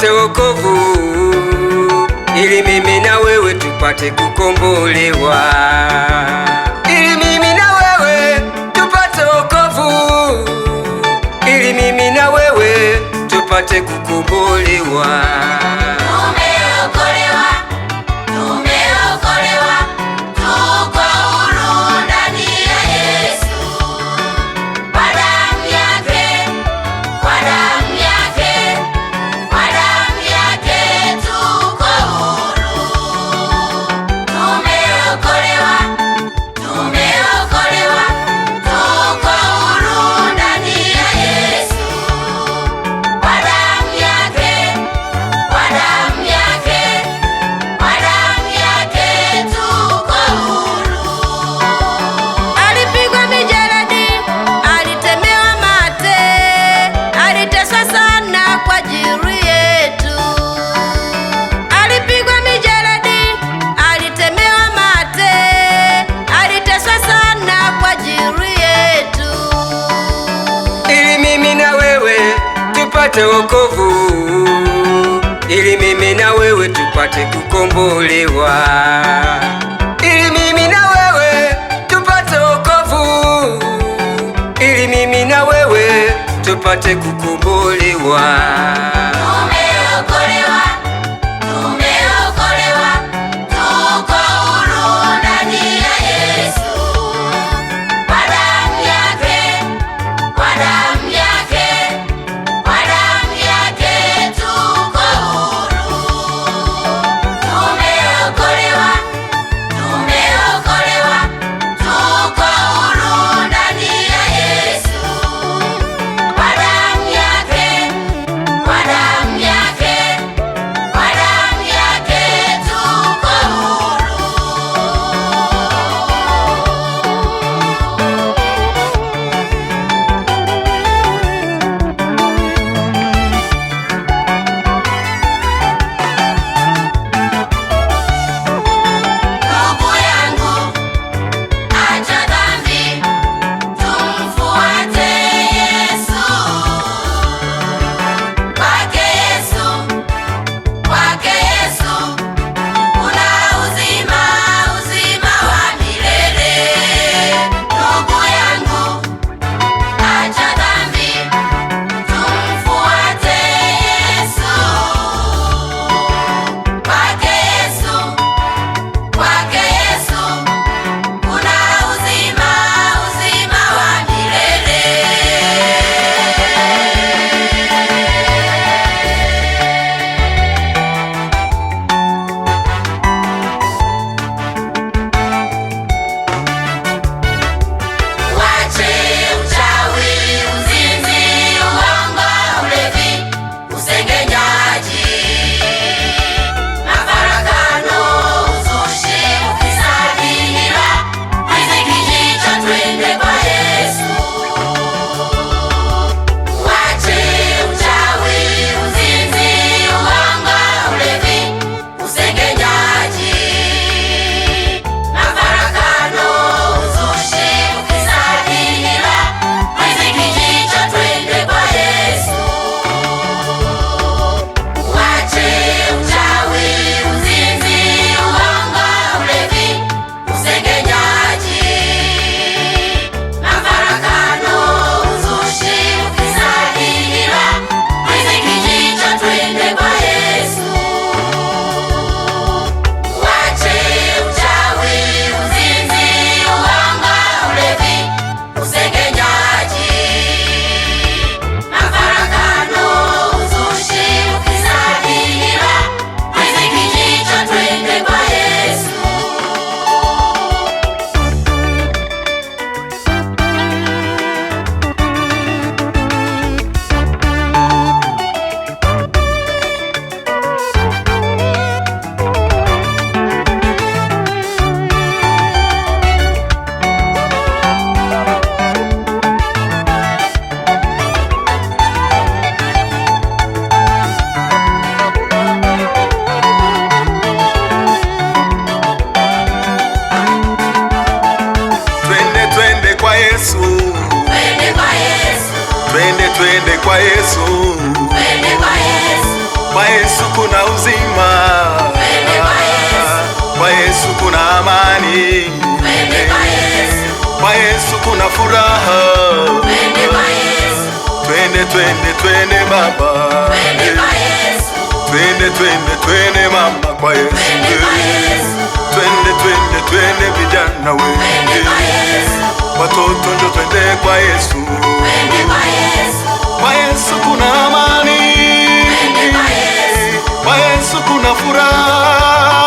tupate wokovu, ili mimi na wewe tupate kukombolewa, ili mimi na wewe tupate wokovu, ili mimi na wewe tupate kukombolewa. tupate wokovu, ili mimi na wewe tupate kukombolewa, ili mimi na wewe tupate wokovu, ili mimi na wewe tupate kukombolewa. twende kwa Yesu, twende kwa Yesu. Kwa Yesu kuna uzima, twende kwa Yesu. Kwa Yesu kuna amani, twende kwa Yesu. Kwa Yesu kuna furaha, twende kwa Yesu. Twende, twende, twende baba, twende kwa Yesu. Twende, twende, twende mama kwa Yesu Eh, twende vijana wende watoto njo twende kwa Yesu. Kwa Yesu kuna amani, kwa Yesu kuna furaha